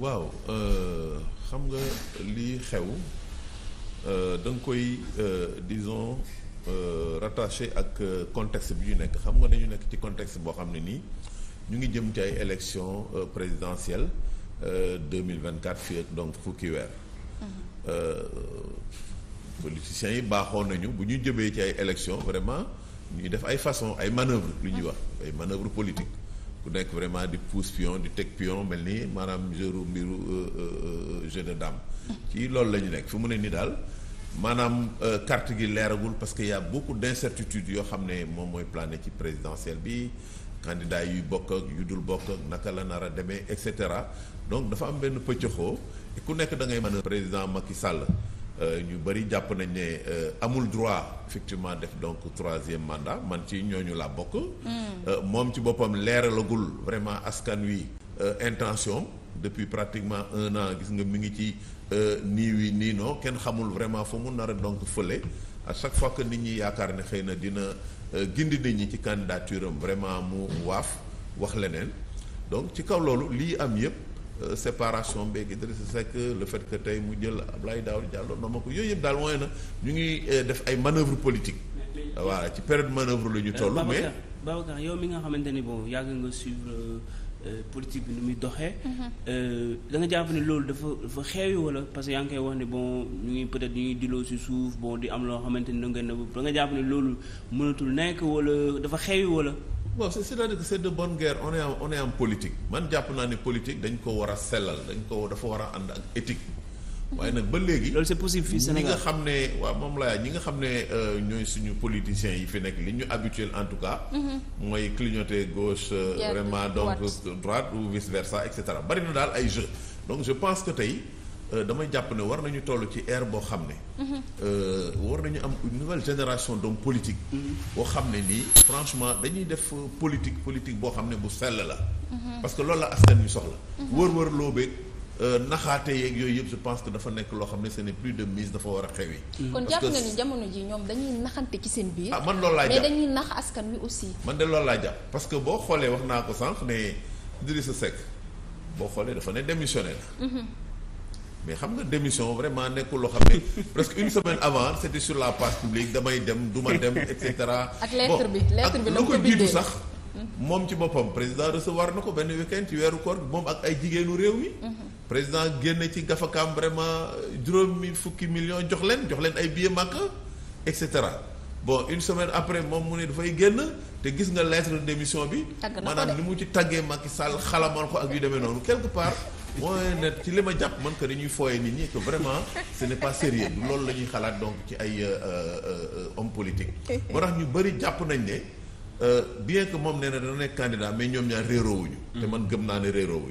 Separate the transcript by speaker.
Speaker 1: waaw euh, xam nga lii xew euh, da nga koy euh, disons rattaché ak contexte bi ñu nekk xam nga dañu nekk ci contexte boo xam ne nii ñu ngi jëm ci ay élections présidentielles deux mille vingt quatre fii ak donc fukki weer. Mm-hmm. politiciens yi baaxoo nañu bu ñu jëmee ci ay élections vraiment ñuy def ay façon ay manœuvres lu ñuy wax ay manœuvres politiques. ku nekk vraiment di pousse pion di teg pion mel ni maanaam jëru mbiru euh, euh, euh, jeu de dame ci loolu la ñu nekk fu mu ne ni daal maanaam carte gi leeragul parce que y a beaucoup d'incertitudes yoo xam ne moom mooy plane ci présidentielle bi candidat yuy bokk yu dul bokk naka la nar a demee et cetera donc dafa am benn pëccëxoo ku nekk da ngay mën président Macky Sall Euh, ñu bëri jàpp nañ ne euh, amul droit effectivement def donc troisième mandat man ci ñooñu laa bokk. Hmm. Euh, moom ci boppam leeralagul vraiment askan wi intention depuis pratiquement un an gis nga mi ngi ci nii wi nii non kenn xamul vraiment fu mu nara donc fële a chaque fois que nit ñi yaakaar ne xëy na dina gindi nit ñi ci candidature am vraiment mu waaf wax leneen donc ci kaw loolu lii am yëpp. Euh, séparation beeg Idrissa Seck le fait que tey mu jël Ablaye Daouda Diallo noonu ma ko yooyu yëpp daal mooy na ñu ngi euh, def ay manœuvre politique. voilà ci période manœuvre la ñu toll. mais Babacar yow mi nga xamante ni bon yàgg nga suivre euh, politique bi nu muy doxee. Mhm. da nga jàpp ne loolu dafa dafa xeewi wala parce que yaa ngi koy wax ne bon ñu ngi peut-être ñu ngi diloo si suuf bon di am loo xamante ni da nga nëbb da nga jàpp ne loolu mënatul nekk wala dafa xeewi wala. bon cest de bonne guerre on est en on est man jàpp naa ne politique dañ ko war a sellal dañ ko dafa war a ànd ak éthique. waaye nag ba léegi. loolu c'est fii Sénégal ñi nga xam ne waa moom laa ñi nga xam ne euh, ñooy suñu politiciens yi fi nekk li ñu habituel en tout cas. Mm-hmm. mooy clignoter gauche. Euh, vraiment donc droite ou vice versa et cetera bari na daal ay jeux donc je pense que tey. Euh, damay jàpp ne war nañu toll ci ère boo xam ne. Euh, war nañu am une nouvelle génération d'hommes politiques. boo xam ne nii franchement dañuy def politique politique boo xam ne bu sell la. parce que loolu la askan wi soxla. wër-wër loobeeg euh, naxaate yeeg yooyu yëpp je pense que dafa nekk loo xam ne ce n'est plus de mise dafa war a xewi. kon jàpp nga ni jamono ji ñoom dañuy naxante ci seen biir. ah man lool laa jàpp mais dañuy nax aussi. man de loolu laa parce que boo xoolee wax naa ko sànq ne Idrissa Seck boo xoolee dafa ne démissionné mhm. mais xam nga démission vraiment nekkul loo xam ne presque une semaine avant c'était sur la page publique damay dem du dem et cetera. ak lettre bi lettre bi la ko jiitu sax. moom ci boppam président recevoir na ko benn week-end ci weeru koor moom ak ay jigéenu réew mi. président génn ci gafakaam vraiment euh, mi fukki million jox leen jox leen ay billets màkk et cetera. bon une semaine après moom mu ne dafay génn te gis nga lettre de démission bi. maanaam li mu ci tàggee Macky Sall xalamal ko ak yu demee noonu quelque part. mooy ne ci li ma jàpp man kër a ñuy fooyee nit ñi que vraiment ce n'est pas sérieux du loolu la ñuy xalaat donc ci ay euh, euh, homme politique moo tax ñu bëri jàpp nañ ne euh, bien que moom nee na dana nekk candidat mais ñoom ñaar réeroowuñu mm. te man gëm naa ne réeroowuñu